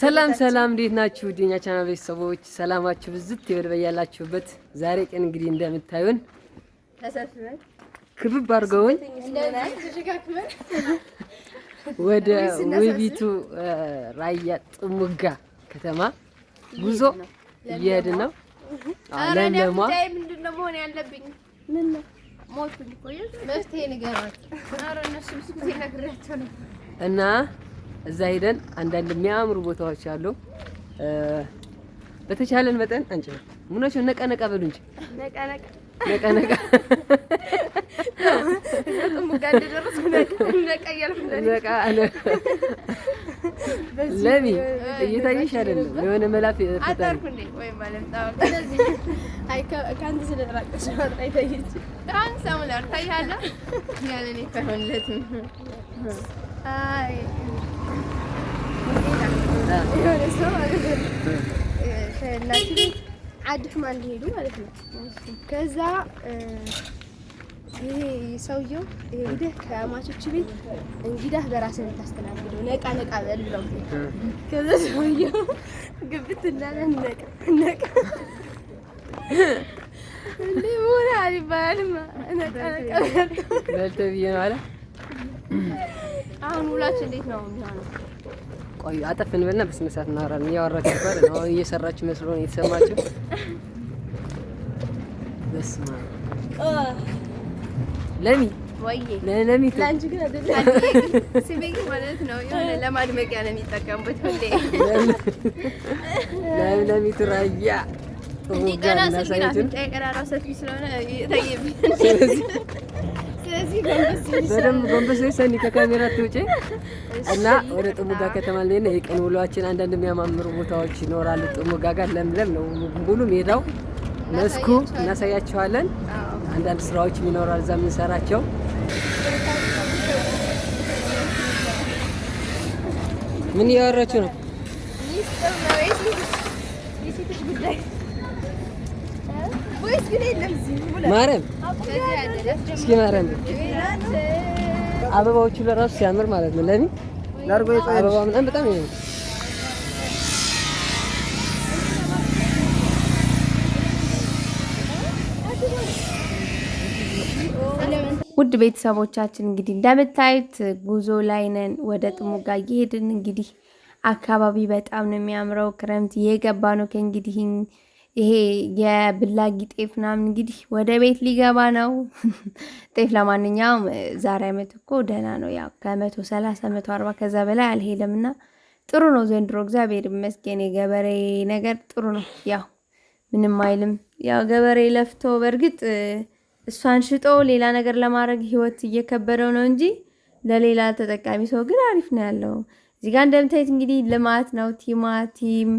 ሰላም ሰላም፣ እንዴት ናችሁ? ዲኛ ቻናል ቤተሰቦች ሰላማችሁ ብዝት ይበል በያላችሁበት። ዛሬ ቀን እንግዲህ እንደምታዩን ክብብ አድርገውን ወደ ውቢቱ ራያ ጥሙጋ ከተማ ጉዞ እየሄድን ነው። ለምለሟ ምንድነው መሆን ያለብኝ? እና እዛ ሄደን አንዳንድ የሚያምሩ ቦታዎች አሉ። በተቻለን መጠን አንቺ ነው ምናቸው ነቃ በሉ እንጂ ነቃ ለሚ እየታየሽ አይደለም። የሆነ መላፍ ፈጣሪ የሆነ ሰው ማለት ነው ከእናትህ አድክማ እንዲሄዱ ማለት ነው። ከዛ ይሄ ሰውየው ሄደህ ከማቾች ቤት እንግዳህ በራስህ የምታስተናግደው ነቃ ነቃ በል ብለው፣ ከዛ ሰውየው ግብት እንዳለ ነቃ ነቃ እንደ ሞላ ይባላል ነቃ ነቃ በል ተብዬ ነው አለ አሁን እንዴት ነው የሚሆነው? ቆዩ አጠፍን ብለና በስነ ስርዓት እናወራለን። እያወራችሁ ነው እየሰራችሁ መስሎ ነው የተሰማችሁ። በስመ አብ ለሚ ለሚ ለአንቺ ግን ማለት ነው የሆነ ለማድመቂያ ነው ሁሌ ለሚ ትራያ ሰፊ ናት። ሰፊ ስለሆነ በደንብ ጎንበስ ብለሽ ሰኒ ከካሜራ ትውጪ እና ወደ ጥሙጋ ከተማ ላይ የቀን ውሏችን። አንዳንድ የሚያማምሩ ቦታዎች ይኖራሉ። ጥሙጋ ጋር ለምለም ነው ሙሉ ሜዳው፣ መስኩ እናሳያቸዋለን። አንዳንድ ስራዎች ይኖራል እዛ የምንሰራቸው ምን እያወራችሁ ነው? ማርያም እስኪ ማርያም አበባዎቹ ለራሱ ሲያምር ማለት ነው። አበባ ምናምን በጣም ይሄ ውድ ቤተሰቦቻችን እንግዲህ እንደምታዩት ጉዞ ላይ ነን። ወደ ጥሙጋ እየሄድን እንግዲህ አካባቢ በጣም ነው የሚያምረው። ክረምት እየገባ ነው ከእንግዲህ ይሄ የብላጊ ጤፍ ምናምን እንግዲህ ወደ ቤት ሊገባ ነው። ጤፍ ለማንኛውም ዛሬ አመት እኮ ደህና ነው። ያው ከመቶ ሰላሳ መቶ አርባ ከዛ በላይ አልሄደም እና ጥሩ ነው። ዘንድሮ እግዚአብሔር ይመስገን የገበሬ ነገር ጥሩ ነው። ያው ምንም አይልም። ያው ገበሬ ለፍቶ በእርግጥ እሷን ሽጦ ሌላ ነገር ለማድረግ ህይወት እየከበደው ነው እንጂ ለሌላ ተጠቃሚ ሰው ግን አሪፍ ነው ያለው። እዚጋ እንደምታየት እንደምታዩት እንግዲህ ልማት ነው ቲማቲም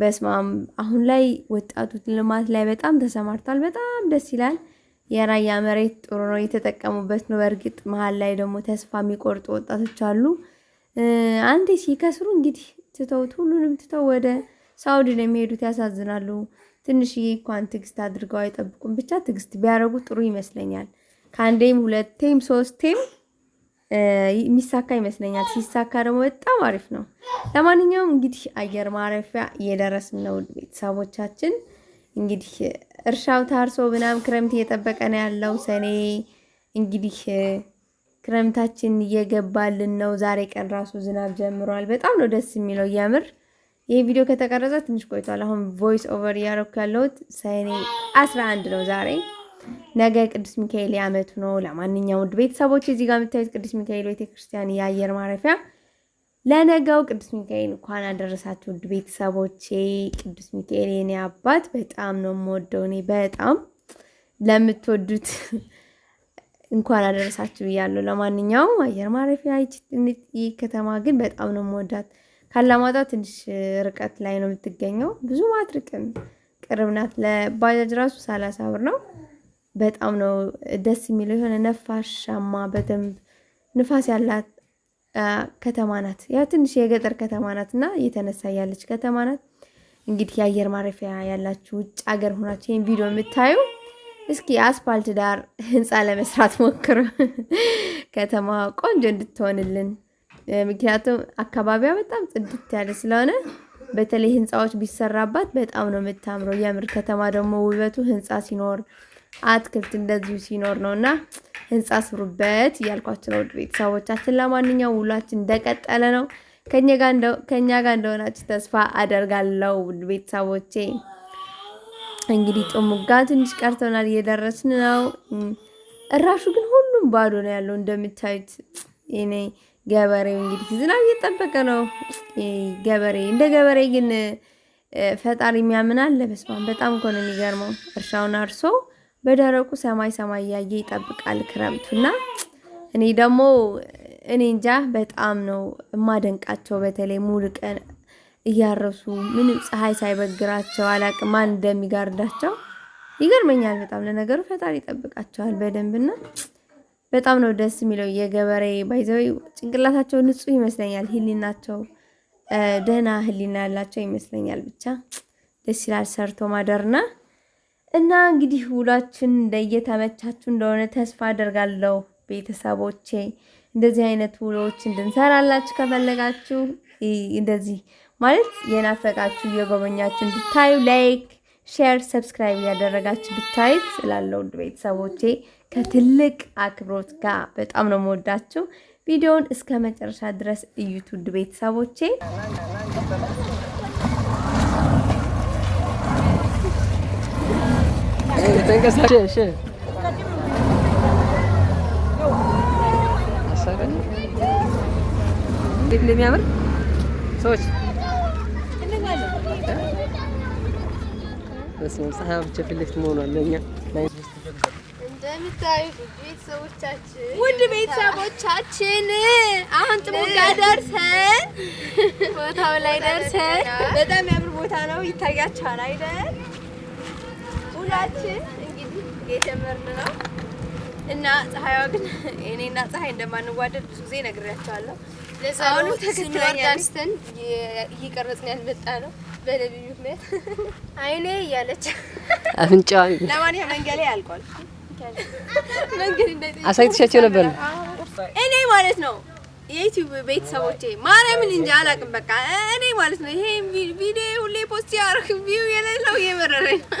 በስማም አሁን ላይ ወጣቱ ልማት ላይ በጣም ተሰማርቷል። በጣም ደስ ይላል። የራያ መሬት ጥሩ ነው፣ የተጠቀሙበት ነው። በእርግጥ መሀል ላይ ደግሞ ተስፋ የሚቆርጡ ወጣቶች አሉ። አንዴ ሲከስሩ እንግዲህ ትተውት ሁሉንም ትተው ወደ ሳውዲ ነው የሚሄዱት። ያሳዝናሉ። ትንሽዬ እንኳን ትዕግስት አድርገው አይጠብቁም። ብቻ ትዕግስት ቢያደርጉ ጥሩ ይመስለኛል። ከአንዴም ሁለቴም ሶስቴም የሚሳካ ይመስለኛል። ሲሳካ ደግሞ በጣም አሪፍ ነው። ለማንኛውም እንግዲህ አየር ማረፊያ እየደረስን ነው ቤተሰቦቻችን። እንግዲህ እርሻው ታርሶ ምናምን ክረምት እየጠበቀ ነው ያለው። ሰኔ እንግዲህ ክረምታችን እየገባልን ነው። ዛሬ ቀን ራሱ ዝናብ ጀምሯል። በጣም ነው ደስ የሚለው እያምር ይህ ቪዲዮ ከተቀረጸ ትንሽ ቆይቷል። አሁን ቮይስ ኦቨር እያደረኩ ያለሁት ሰኔ አንድ ነው ዛሬ ነገ ቅዱስ ሚካኤል የዓመቱ ነው። ለማንኛውም ውድ ቤተሰቦች እዚህ ጋር የምታዩት ቅዱስ ሚካኤል ቤተክርስቲያን የአየር ማረፊያ ለነገው ቅዱስ ሚካኤል እንኳን አደረሳችሁ። ውድ ቤተሰቦቼ ቅዱስ ሚካኤል የኔ አባት በጣም ነው የምወደው። እኔ በጣም ለምትወዱት እንኳን አደረሳችሁ ብያለሁ። ለማንኛውም አየር ማረፊያ ይህ ከተማ ግን በጣም ነው የምወዳት። ካላማጣ ትንሽ ርቀት ላይ ነው የምትገኘው፣ ብዙም አትርቅም፣ ቅርብ ናት። ለባጃጅ ራሱ ሰላሳ ብር ነው። በጣም ነው ደስ የሚለው። የሆነ ነፋሻማ በደንብ ንፋስ ያላት ከተማ ናት። ያው ትንሽ የገጠር ከተማ ናት እና እየተነሳ ያለች ከተማ ናት። እንግዲህ የአየር ማረፊያ ያላችሁ ውጭ ሀገር ሆናችሁ ይህን ቪዲዮ የምታዩ እስኪ አስፓልት ዳር ህንፃ ለመስራት ሞክሩ፣ ከተማ ቆንጆ እንድትሆንልን። ምክንያቱም አካባቢዋ በጣም ጽድት ያለ ስለሆነ በተለይ ህንፃዎች ቢሰራባት በጣም ነው የምታምረው። የምር ከተማ ደግሞ ውበቱ ህንፃ ሲኖር አትክልት እንደዚሁ ሲኖር ነው እና ህንፃ ስሩበት እያልኳቸው ነው ቤተሰቦቻችን። ለማንኛውም ውሏችን እንደቀጠለ ነው። ከኛ ጋር እንደሆናችሁ ተስፋ አደርጋለሁ ቤተሰቦቼ። እንግዲህ ጥሙጋ ትንሽ ቀርተናል፣ እየደረስን ነው። እራሹ ግን ሁሉም ባዶ ነው ያለው እንደምታዩት። እኔ ገበሬው እንግዲህ ዝናብ እየጠበቀ ነው ገበሬ እንደ ገበሬ ግን ፈጣሪ የሚያምናል። በስመ አብ በጣም እኮ ነው የሚገርመው። እርሻውን አርሶ በደረቁ ሰማይ ሰማይ እያየ ይጠብቃል ክረምቱና እኔ ደግሞ እኔ እንጃ በጣም ነው የማደንቃቸው። በተለይ ሙሉ ቀን እያረሱ ምንም ፀሐይ ሳይበግራቸው አላቅ ማን እንደሚጋርዳቸው ይገርመኛል። በጣም ለነገሩ ፈጣሪ ይጠብቃቸዋል በደንብና በጣም ነው ደስ የሚለው። የገበሬ ባይዘዊ ጭንቅላታቸው ንጹህ ይመስለኛል። ህሊናቸው ደህና ህሊና ያላቸው ይመስለኛል። ብቻ ደስ ይላል ሰርቶ ማደርና እና እንግዲህ ውሏችን እንደየተመቻችሁ እንደሆነ ተስፋ አደርጋለሁ ቤተሰቦቼ። እንደዚህ አይነት ውሎዎች እንድንሰራላችሁ ከፈለጋችሁ እንደዚህ ማለት የናፈቃችሁ እየጎበኛችሁ እንድታዩ ላይክ፣ ሼር፣ ሰብስክራይብ እያደረጋችሁ ብታዩት ስላለው ቤተሰቦቼ ከትልቅ አክብሮት ጋር በጣም ነው የምወዳችሁ። ቪዲዮውን እስከ መጨረሻ ድረስ እዩት ውድ ቤተሰቦቼ። እንዴት እንደሚያምር ሰዎች ብቻ ፊት ለፊት ለእኛ ውድ ቤተሰቦቻችን አሁን ጥሙጋ ደርሰን ቦታው ላይ ደርሰን በጣም የሚያምር ቦታ ነው። ይታያችኋል አይደል? ሁላችን የተመርን ነው እና ፀሐይዋ ግን እኔና ፀሐይ እንደማንዋደድ ብዙ ጊዜ ነግሬያቸዋለሁ። ለዛሁኑ ተከትለኛስተን እየቀረጽን ያልመጣ ነው በነቢዩ ምክንያት አይኔ እያለች አፍንጫዋ ለማንኛውም መንገድ አልቋል። አሳይተሻቸው ነበር እኔ ማለት ነው የዩቲዩብ ቤተሰቦቼ ማርያምን እንጂ አላውቅም። በቃ እኔ ማለት ነው ይሄ ቪዲዮ ሁሌ ፖስት ያደርግ ቪው የሌለው እየመረረኝ ነው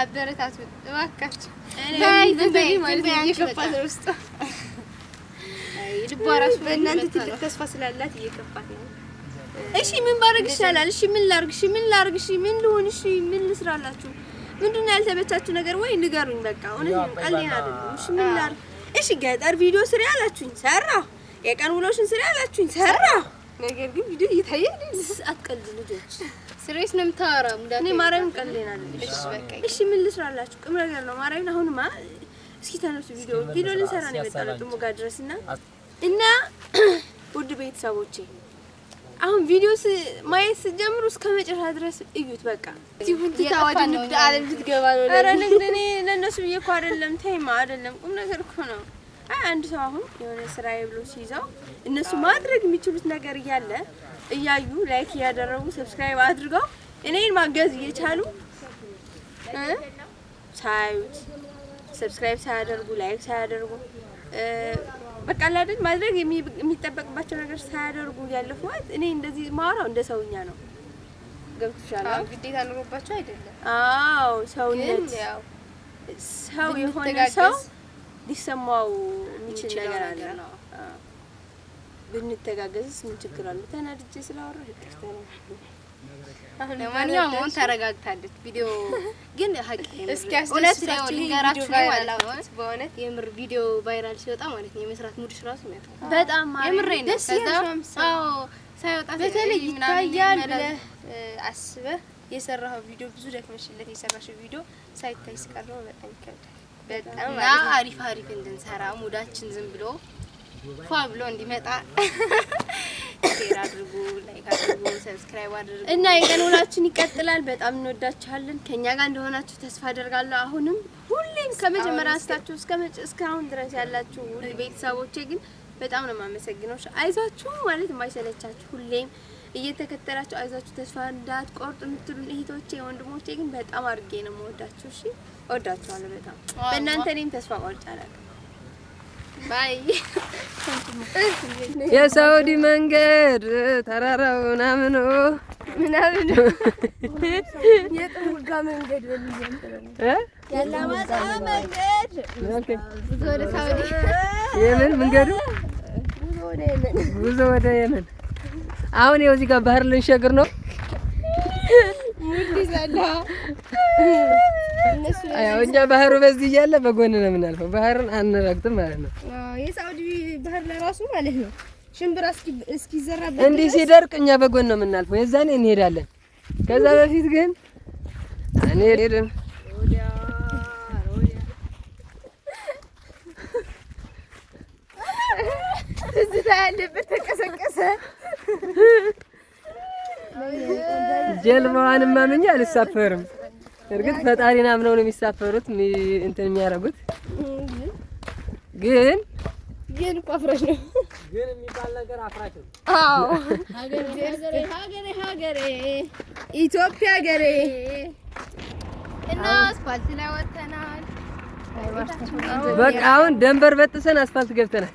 አበረታቱ እባካችሁ። በእናንተ ትልቅ ተስፋ ስላላት እየከፋት ነው። እሺ ምን ባደርግ ይሻላል? እሺ ምን ላርግ እሺ ምን ላድርግ? እሺ ምን ልሆን? እሺ ምን ልስራላችሁ? ምንድን ነው ያልተመቻችሁ ነገር ወይ ንገሩኝ። በቃ እውነት ነው፣ አይደለም። እሺ ምን ላድርግ? እሺ ገጠር ቪዲዮ ስሪ አላችሁኝ፣ ሰራ። የቀን ውሎሽን ስሪ አላችሁኝ፣ ሰራ ነገር ግን ቪዲዮ እየታየል አትቀልድ። ልጆች ስሬስ ነው የምታወራው። እኔ ማርያምን ቀልደናለች። እሺ ምን ልስራላችሁ? ቅም ነገር ነው ማርያምን። አሁንማ እስኪ ተነሱ። ቪዲዮ ቪዲዮ ልንሰራ ነው የመጣነው ጥሙ ጋር ድረስ እና እና ውድ ቤተሰቦቼ አሁን ቪዲዮ ማየት ስትጀምሩ እስከ መጨረሻ ድረስ እዩት። በቃ ሲሁን ትታወድ ንግድ አለም ልትገባ ነው። ኧረ ንግድ እኔ ለእነሱ ብዬ እኮ አይደለም። ተይማ አይደለም ቁም ነገር እኮ ነው አንድ ሰው አሁን የሆነ ስራ ብሎ ሲይዘው እነሱ ማድረግ የሚችሉት ነገር እያለ እያዩ ላይክ እያደረጉ ሰብስክራይብ አድርገው እኔን ማገዝ እየቻሉ ሳያዩት ሰብስክራይብ ሳያደርጉ ላይክ ሳያደርጉ በቃ ማድረግ የሚጠበቅባቸው ነገር ሳያደርጉ ያለፉ እኔ እንደዚህ ማውራው እንደ ሰውኛ ነው። ገብቶሻል? ግዴታ ኑሮባቸው አይደለም። አዎ ሰውነት ሰው የሆነ ሰው ሊሰማው የሚችል ነገር አለ። ብንተጋገዝስ ምን ችግር አለ? ተናድጄ ስላወራሁ ይቅርታ ነው። ለማንኛውም አሁን ተረጋግታለች። ቪዲዮ ግን እውነት ማለት በእውነት የምር ቪዲዮ ቫይራል ሲወጣ ማለት ነው የመስራት በጣም ደስ ሳይወጣ በተለይ ይታያል ብለህ አስበህ የሰራኸው ቪዲዮ ብዙ ደክመሽለት የሰራሽው ቪዲዮ ሳይታይ ሲቀር በጣም ይከብዳል። በጣም አሪፍ አሪፍ እንድንሰራ ሙዳችን ዝም ብሎ ፏ ብሎ እንዲመጣ ሼር አድርጉ፣ ላይክ አድርጉ፣ ሰብስክራይብ አድርጉ እና የቀን ውላችን ይቀጥላል። በጣም እንወዳችኋለን። ከኛ ጋር እንደሆናችሁ ተስፋ አደርጋለሁ። አሁንም ሁሌም ከመጀመሪያ አንስታችሁ እስካሁን ድረስ ያላችሁ ቤተሰቦቼ ግን በጣም ነው የማመሰግነው። አይዟችሁ ማለት የማይሰለቻችሁ ሁሌም እየተከተላችሁ አይዛችሁ ተስፋ እንዳት እንዳትቆርጡ የምትሉን እህቶቼ ወንድሞቼ ግን በጣም አድርጌ ነው የምወዳችሁ። እሺ እወዳችኋለሁ በጣም በእናንተ እኔም ተስፋ ቆርጫለሁ። ባይ የሳውዲ መንገድ ተራራው ምናምኑ ምናምኑ የጥሙጋ መንገድ ያላማጣ መንገድ ጉዞ ወደ ሳውዲ የምን መንገዱ ጉዞ ወደ የመን አሁን ይኸው እዚህ ጋር ባህር ልንሸግር ነው። እኛ ባህሩ በዚህ እያለ በጎን ነው የምናልፈው። ባህርን አንረግጥም ማለት ነው። የሳውዲ ባህር ለራሱ ማለት ነው ሽምብራ እስኪዘራበት እንዲህ ሲደርቅ እኛ በጎን ነው የምናልፈው። የዛኔ እንሄዳለን። ከዛ በፊት ግን አንሄድም። ትዝታ ያለበት ተቀሰቀሰ። ጀልባዋን ማምኛ አልሳፈርም። እርግጥ ፈጣሪን አምነው ነው የሚሳፈሩት እንትን የሚያደርጉት ግን ግን እኮ አፍራሽ ነው ግን የሚባል ነገር አፍራሽ ነው። አዎ ሀገሬ ሀገሬ ኢትዮጵያ ሀገሬ እና አስፋልት ላይ ወጥተናል። በቃ አሁን ደንበር በጥሰን አስፋልት ገብተናል።